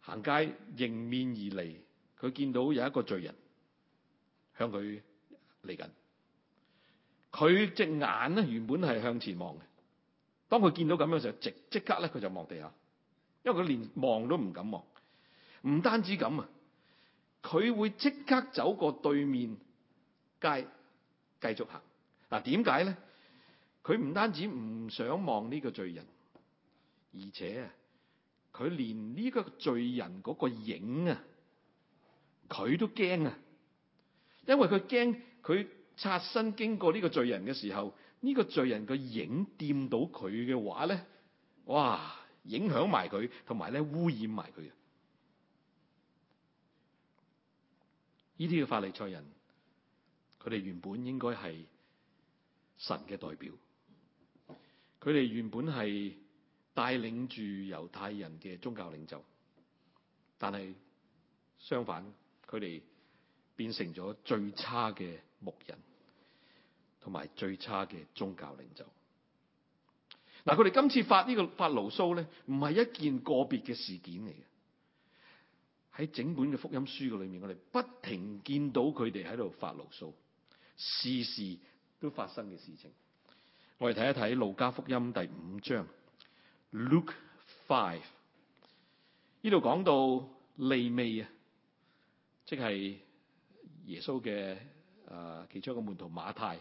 行街迎面而嚟，佢見到有一個罪人向佢嚟緊。佢隻眼咧原本係向前望嘅，當佢見到咁樣嘅時候，即即刻咧佢就望地下，因為佢連望都唔敢望。唔單止咁啊，佢會即刻走過對面街繼續行。嗱，點解咧？佢唔單止唔想望呢個罪人，而且啊，佢連呢個罪人嗰個影啊，佢都驚啊，因為佢驚佢，擦身經過呢個罪人嘅時候，呢、呢個罪人個影掂到佢嘅話咧，哇！影響埋佢，同埋咧污染埋佢嘅。呢啲嘅法利賽人，佢哋原本應該係神嘅代表，佢哋原本係帶領住猶太人嘅宗教領袖，但係相反，佢哋變成咗最差嘅。牧人同埋最差嘅宗教領袖。嗱，佢哋今次發呢個發牢騷咧，唔係一件個別嘅事件嚟嘅。喺整本嘅福音書裏面，我哋不停見到佢哋喺度發牢騷，時時都發生嘅事情。我哋睇一睇路加福音第五章，Luke 5，呢度講到利未啊，即係耶穌嘅。啊！其中一個門徒馬太，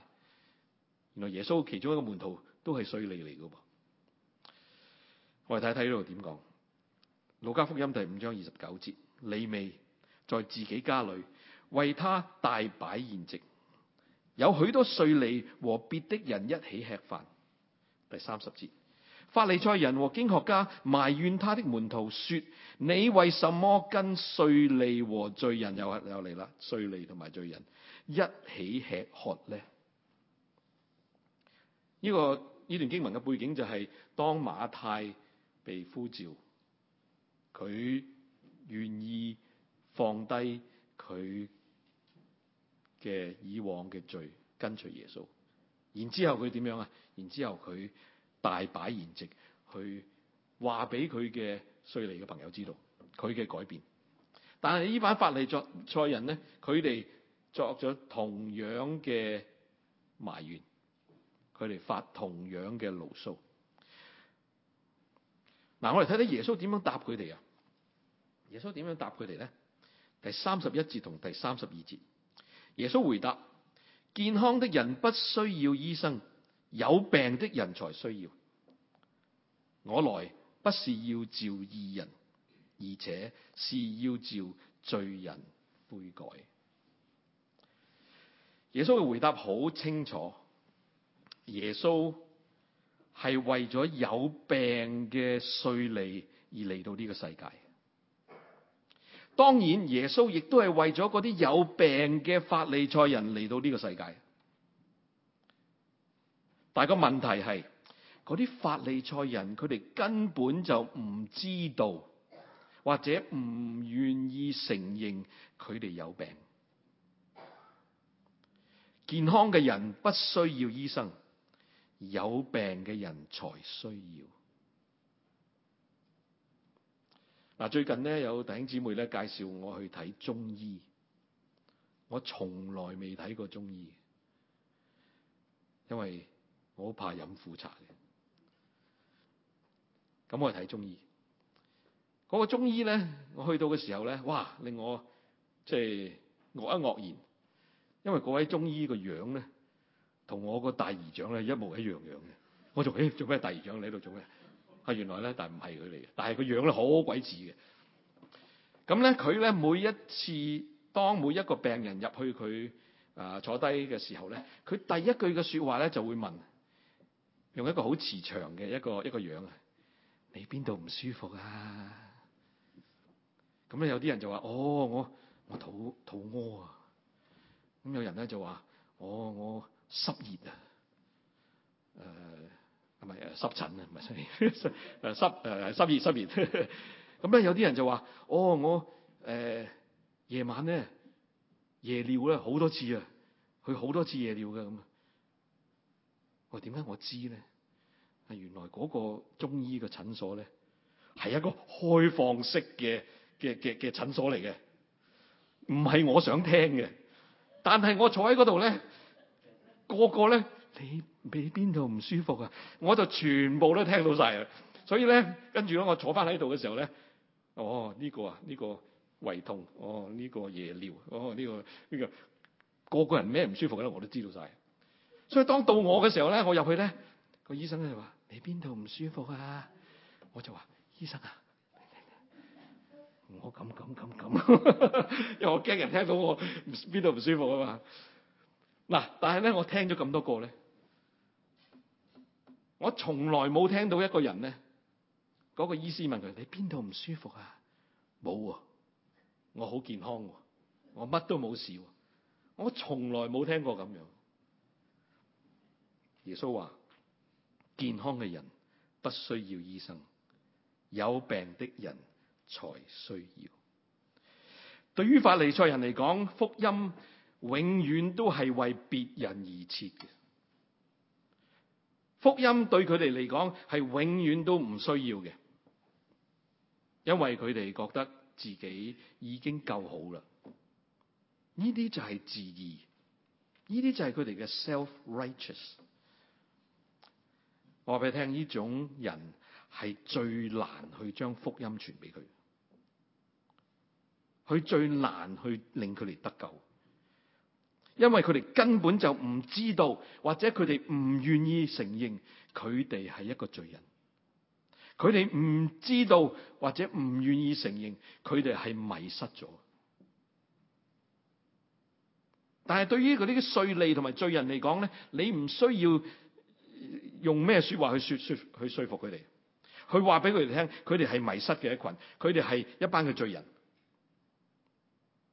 原來耶穌其中一個門徒都係稅吏嚟噶噃。我哋睇睇呢度點講，《路加福音》第五章二十九節，利未在自己家裏，為他大擺筵席，有許多稅吏和別的人一起吃飯，第三十節。法利賽人和經學家埋怨他的門徒說：你為什麼跟稅吏和罪人又係又嚟啦，稅吏同埋罪人一起吃喝咧？呢、這個呢段經文嘅背景就係、是、當馬太被呼召，佢願意放低佢嘅以往嘅罪，跟隨耶穌。然之後佢點樣啊？然之後佢。大擺筵席，去話俾佢嘅稅吏嘅朋友知道佢嘅改變，但係呢班法利賽人咧，佢哋作咗同樣嘅埋怨，佢哋發同樣嘅牢騷。嗱，我哋睇睇耶穌點樣答佢哋啊？耶穌點樣答佢哋咧？第三十一節同第三十二節，耶穌回答：健康的人不需要醫生。有病的人才需要，我來不是要召義人，而且是要召罪人悔改。耶穌嘅回答好清楚，耶穌係為咗有病嘅稅吏，而嚟到呢個世界。當然，耶穌亦都係為咗嗰啲有病嘅法利賽人嚟到呢個世界。但個問題係，嗰啲法利賽人佢哋根本就唔知道，或者唔願意承認佢哋有病。健康嘅人不需要醫生，有病嘅人才需要。嗱，最近咧有弟兄姊妹咧介紹我去睇中醫，我從來未睇過中醫，因為。我好怕飲苦茶嘅，咁我係睇中醫。嗰個中醫咧，我去到嘅時候咧，哇！令我即係愕一愕然，因為嗰位中醫個樣咧，同我個大姨丈咧一模一樣樣嘅。我仲誒，做咩大姨丈，你喺度做咩？啊，原來咧，但係唔係佢嚟嘅，但係個樣咧好鬼似嘅。咁咧，佢咧每一次當每一個病人入去佢啊、呃、坐低嘅時候咧，佢第一句嘅説話咧就會問。用一個好慈祥嘅一個一個樣啊！你邊度唔舒服啊？咁咧，有啲人就話：哦，我我肚肚屙啊！咁有人咧就話：哦，我濕熱啊！誒、呃，唔係誒濕疹啊，唔係濕誒濕誒濕熱濕熱。咁咧 [laughs] 有啲人就話：哦，我誒夜、呃、晚咧夜尿咧好多次啊，去好多次夜尿嘅咁喂，點解我知咧？原來個中醫嘅診所咧，係一個開放式嘅嘅嘅嘅診所嚟嘅，唔係我想聽嘅。但係我坐喺度咧，個個咧，你你邊度唔舒服啊？我就全部都聽到晒。所以咧，跟住咧，我坐翻，喺度嘅時候咧，哦呢個啊呢個胃痛，哦呢個夜尿，哦呢個呢個個個人咩唔舒服咧？我都知道晒。所以當到我嘅時候咧，我入去咧，個醫生咧就話：你邊度唔舒服啊？我就話：醫生啊，我咁咁咁咁， [laughs] 因為我驚人聽到我邊度唔舒服啊嘛。嗱，但係咧，我聽咗咁多個咧，我從來冇聽到一個人咧，嗰個醫師問佢：你邊度唔舒服啊？冇啊，我好健康，我乜都冇事，我從來冇聽過咁樣。耶穌話：健康嘅人不需要醫生，有病的人才需要。對於法利賽人嚟講，福音永遠都係為別人而設嘅。福音對佢哋嚟講係永遠都唔需要嘅，因為佢哋覺得自己已經夠好啦。呢啲就係自義，呢啲就係佢哋嘅 self-righteous。Right 話俾你聽，呢種人係最難去將福音傳俾佢，佢最難去令佢哋得救，因為佢哋根本就唔知道，或者佢哋唔願意承認佢哋係一個罪人，佢哋唔知道或者唔願意承認佢哋係迷失咗。但係對於佢呢啲稅吏同埋罪人嚟講咧，你唔需要。用咩說話去說說去說服佢哋？佢話俾佢哋聽，佢哋係迷失嘅一群，佢哋係一班嘅罪人。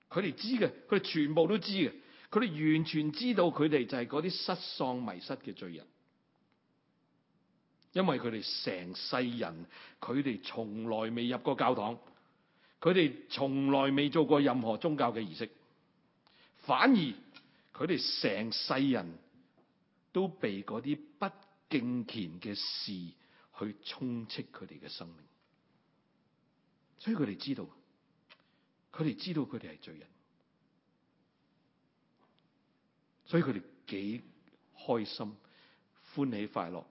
佢哋知嘅，佢哋全部都知嘅，佢哋完全知道佢哋就係嗰啲失喪迷失嘅罪人，因為佢哋成世人，佢哋從來未入過教堂，佢哋從來未做過任何宗教嘅儀式，反而佢哋成世人都被嗰啲不敬虔嘅事去充斥佢哋嘅生命，所以佢哋知道，佢哋知道佢哋係罪人，所以佢哋幾開心、歡喜、快樂，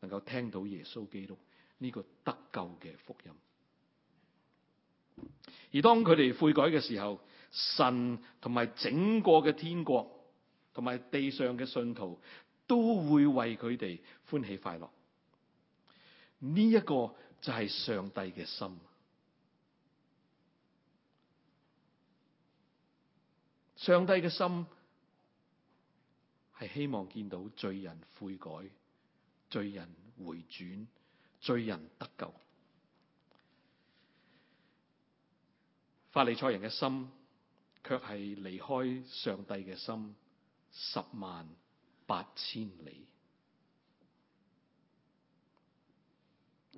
能夠聽到耶穌基督呢個得救嘅福音。而當佢哋悔改嘅時候，神同埋整個嘅天國同埋地上嘅信徒，都會為佢哋歡喜快樂，呢一個就係上帝嘅心。上帝嘅心係希望見到罪人悔改，罪人回轉，罪人得救。法利賽人嘅心卻係離開上帝嘅心，十萬。八千里，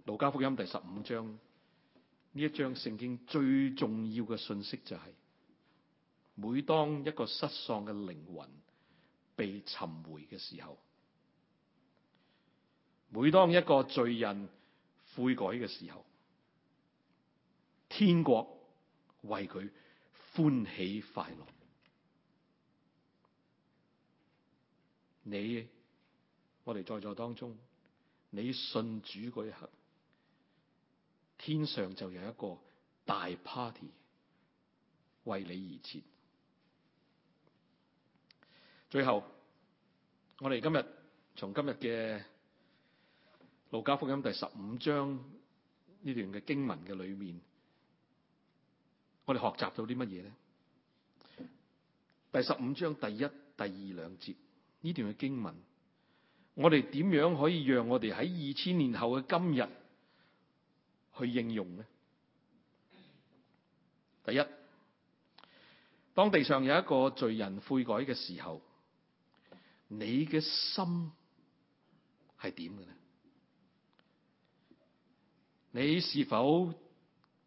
《路加福音》第十五章呢一章聖經最重要嘅信息就係，每當一個失喪嘅靈魂被尋回嘅時候，每當一個罪人悔改嘅時候，天國為佢歡喜快樂。你，我哋在座當中，你信主嗰一刻，天上就有一個大 party 為你而設。最後，我哋今日從今日嘅路加福音第十五章呢段嘅經文嘅裏面，我哋學習到啲乜嘢咧？第十五章第一、第二兩節。呢段嘅經文，我哋點樣可以讓我哋喺二千年後嘅今日去應用呢？第一，當地上有一個罪人悔改嘅時候，你嘅心係點嘅呢？你是否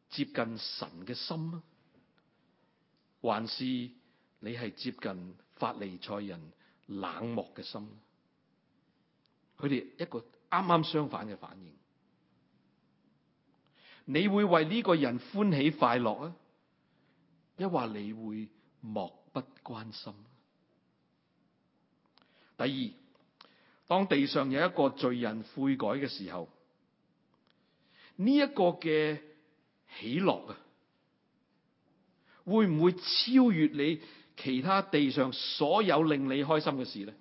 接近神嘅心啊？還是你係接近法利賽人？冷漠嘅心，佢哋一個啱啱相反嘅反應。你會為呢個人歡喜快樂啊，抑或你會漠不關心。第二，當地上有一個罪人悔改嘅時候，呢一個嘅喜樂啊，會唔會超越你？其他地上所有令你開心嘅事咧，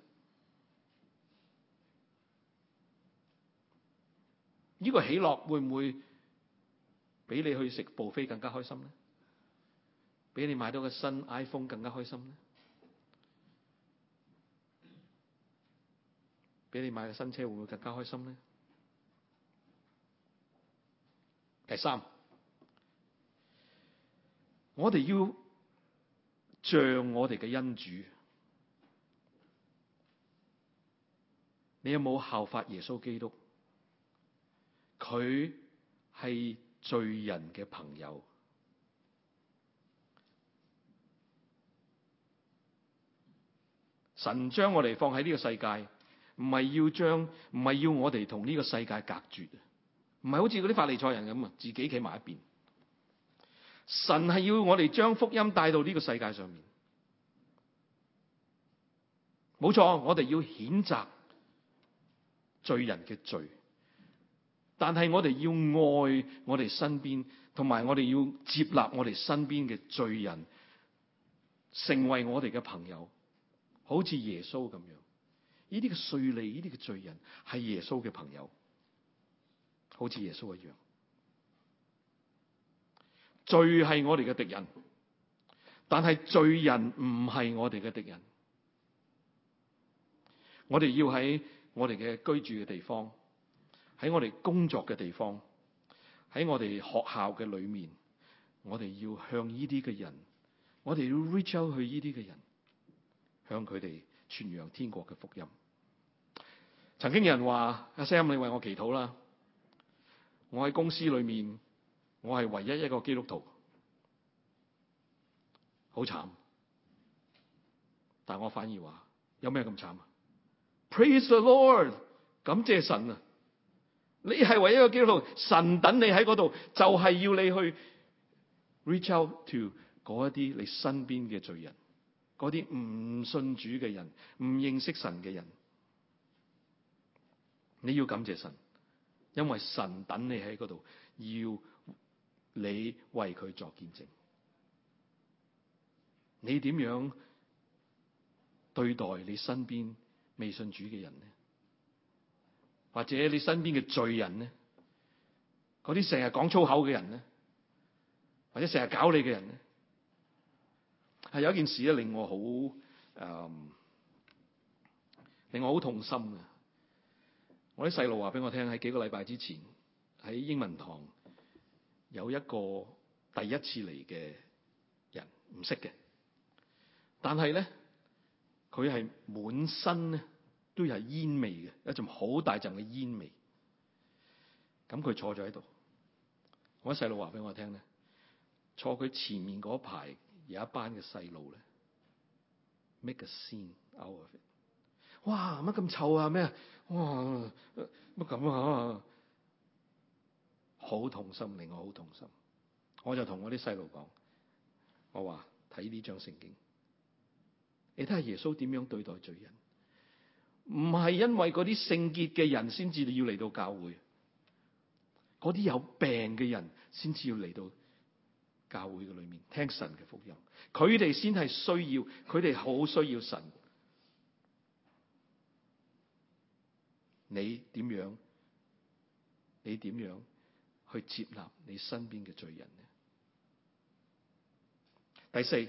呢個喜樂會唔會比你去食 buffet 更加開心咧？比你買到個新 iPhone 更加開心咧？比你買個新車會唔會更加開心咧？第三，我哋要。像我哋嘅恩主，你有冇效法耶穌基督？佢係罪人嘅朋友。神將我哋放喺呢個世界，唔係要將，唔係要我哋同呢個世界隔絕，唔係好似啲法利賽人咁啊，自己企埋一邊。神係要我哋將福音帶到呢個世界上面，冇錯，我哋要譴責罪人嘅罪，但係我哋要愛我哋身邊，同埋我哋要接納我哋身邊嘅罪人，成為我哋嘅朋友，好似耶穌咁樣。呢啲嘅稅吏，呢啲嘅罪人，係耶穌嘅朋友，好似耶穌一樣。罪係我哋嘅敵人，但係罪人唔係我哋嘅敵人。我哋要喺我哋嘅居住嘅地方，喺我哋工作嘅地方，喺我哋學校嘅裏面，我哋要向呢啲嘅人，我哋要 reach out 去呢啲嘅人，向佢哋傳揚天國嘅福音。曾經有人話：阿 Sam，你為我祈禱啦！我喺公司裏面。我係唯一一個基督徒，好慘。但我反而話，有咩咁慘啊？Praise the Lord，感謝神啊！你係唯一一個基督徒，神等你喺嗰度，就係要你去 reach out to 嗰一啲你身邊嘅罪人，嗰啲唔信主嘅人，唔認識神嘅人。你要感謝神，因為神等你喺嗰度，要。你為佢作見證，你點樣對待你身邊未信主嘅人呢？或者你身邊嘅罪人呢？嗰啲成日講粗口嘅人呢？或者成日搞你嘅人呢？係有一件事咧，令我好誒、嗯，令我好痛心呀。我啲細路話俾我聽，喺幾個禮拜之前喺英文堂。有一個第一次嚟嘅人唔識嘅，但係咧佢係滿身咧都係煙味嘅，一陣好大陣嘅煙味。咁佢坐咗喺度，我細佬話俾我聽咧，坐佢前面嗰排有一班嘅細路咧，make a scene out of it. 哇乜咁臭啊！咩啊！哇乜咁啊！好痛心，令我好痛心。我就同我啲細路講，我話睇呢張聖經，你睇下耶穌點樣對待罪人？唔係因為啲聖潔嘅人先至要嚟到教會，啲有病嘅人先至要嚟到教會嘅裏面聽神嘅福音。佢哋先係需要，佢哋好需要神。你點樣？你點樣？去接納你身邊嘅罪人。第四，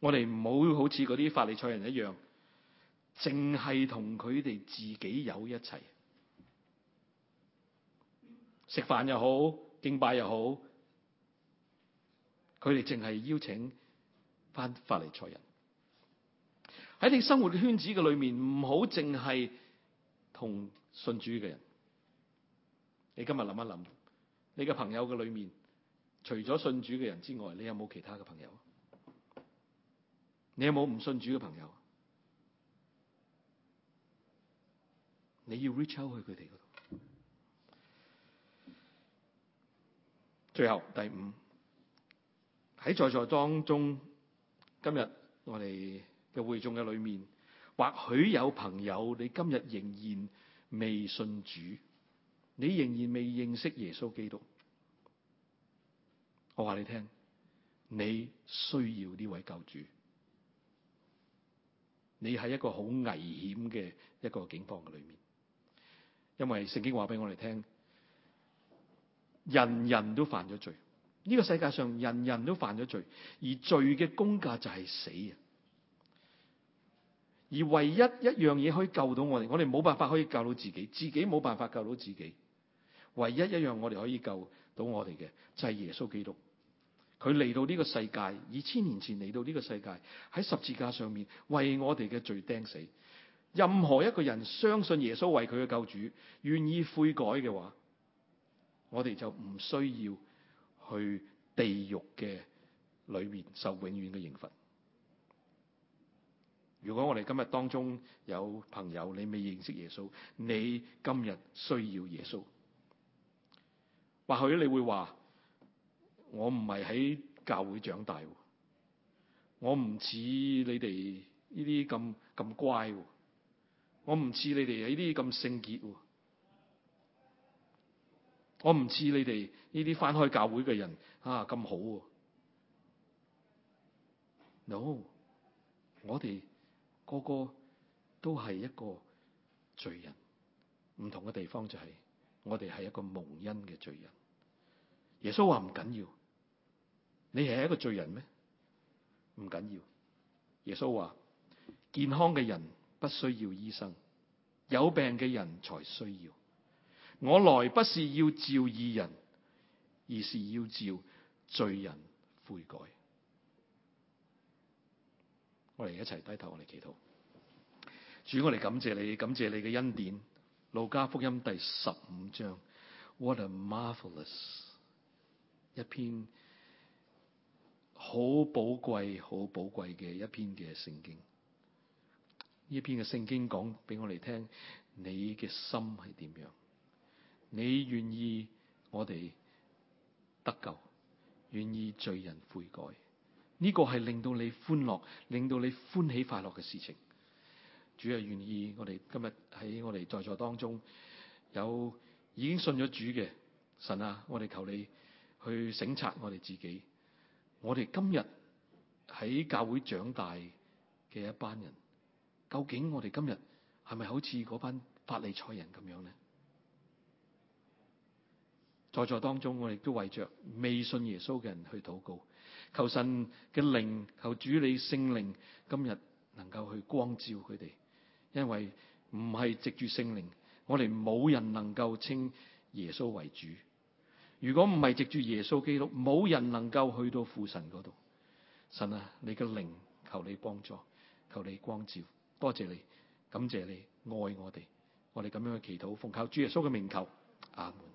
我哋唔好好似嗰啲法利賽人一樣，淨係同佢哋自己有一齊食飯又好，敬拜又好，佢哋淨係邀請翻法利賽人。喺你生活圈子嘅裏面，唔好淨係同信主嘅人。你今日諗一諗。你嘅朋友嘅裏面，除咗信主嘅人之外，你有冇其他嘅朋友？你有冇唔信主嘅朋友？你要 reach out 去佢哋嗰度。最後第五，喺在，在座當中，今日我哋嘅會眾嘅裏面，或許有朋友你今日仍然未信主。你仍然未認識耶穌基督，我話你聽，你需要呢位救主。你喺一個好危險嘅一個境況嘅裏面，因為聖經話俾我哋聽，人人都犯咗罪，呢、這個世界上人人都犯咗罪，而罪嘅工價就係死啊！而唯一一樣嘢可以救到我哋，我哋冇辦法可以救到自己，自己冇辦法救到自己。唯一一樣我哋可以救到我哋嘅，就係耶穌基督。佢嚟到呢個世界，二千年前嚟到呢個世界，喺十字架上面為我哋嘅罪釘死。任何一個人相信耶穌為佢嘅救主，願意悔改嘅話，我哋就唔需要去地獄嘅裏面受永遠嘅刑罰。如果我哋今日當中有朋友你未認識耶穌，你今日需要耶穌。或許你會話，我唔係喺教會長大，我唔似你哋呢啲咁咁乖，我唔似你哋呢啲咁聖潔，我唔似你哋呢啲返開教會嘅人啊咁好。No，我哋個個都係一個罪人，唔同嘅地方就係、是、我哋係一個蒙恩嘅罪人。耶穌話唔緊要，你係一個罪人咩？唔緊要。耶穌話：健康嘅人不需要醫生，有病嘅人才需要。我來不是要召義人，而是要召罪人悔改。我哋一齊低頭，我哋祈禱。主，我哋感謝你，感謝你嘅恩典。路加福音第十五章。What a marvelous！一篇好寶貴、好寶貴嘅一篇嘅聖經。呢一篇嘅聖經講俾我哋聽，你嘅心係點樣？你願意我哋得救，願意罪人悔改？呢個係令到你歡樂、令到你歡喜快樂嘅事情。主係願意我哋今日喺我哋在座當中有已經信咗主嘅神啊，我哋求你。去省察我哋自己，我哋今日喺教會長大嘅一班人，究竟我哋今日係咪好似嗰班法利賽人咁樣咧？在座當中，我哋都為着未信耶穌嘅人去禱告，求神嘅靈，求主你聖靈今日能夠去光照佢哋，因為唔係藉住聖靈，我哋冇人能夠稱耶穌為主。如果唔係藉住耶穌基督，冇人能夠去到父神度。神啊，你嘅靈，求你幫助，求你光照，多謝你，感謝你愛我哋，我哋咁樣嘅祈禱，奉靠主耶穌嘅名求，阿門。